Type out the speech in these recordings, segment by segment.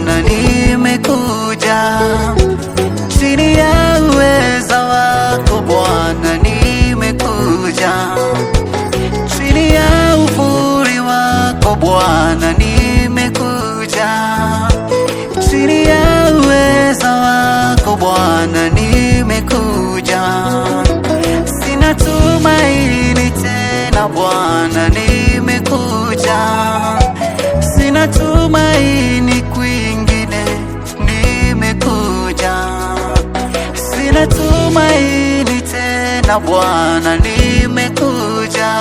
maana nimekuja chini ya uweza wako Bwana, nimekuja chini ya uvuli wako Bwana, nimekuja chini ya uweza wako Bwana, nimekuja sina tumaini tena Bwana, nimekuja sina tumaini na Bwana, nimekuja.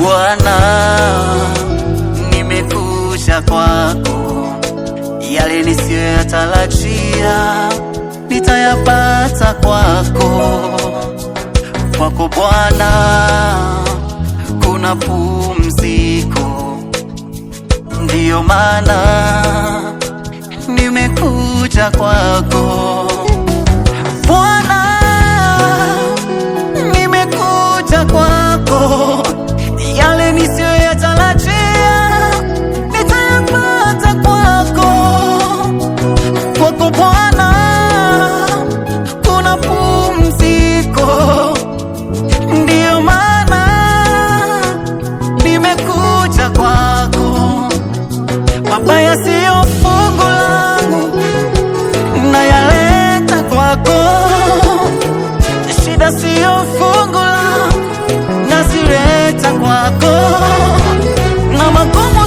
Bwana, nimekuja kwako, yale nisiyoyatarajia nitayapata kwako. Kwako Bwana kuna pumziko, ndiyo maana nimekuja kwako Bwana. haya fungu langu, nayaleta kwako. Shida siyo fungu langu, nazileta kwako na magumu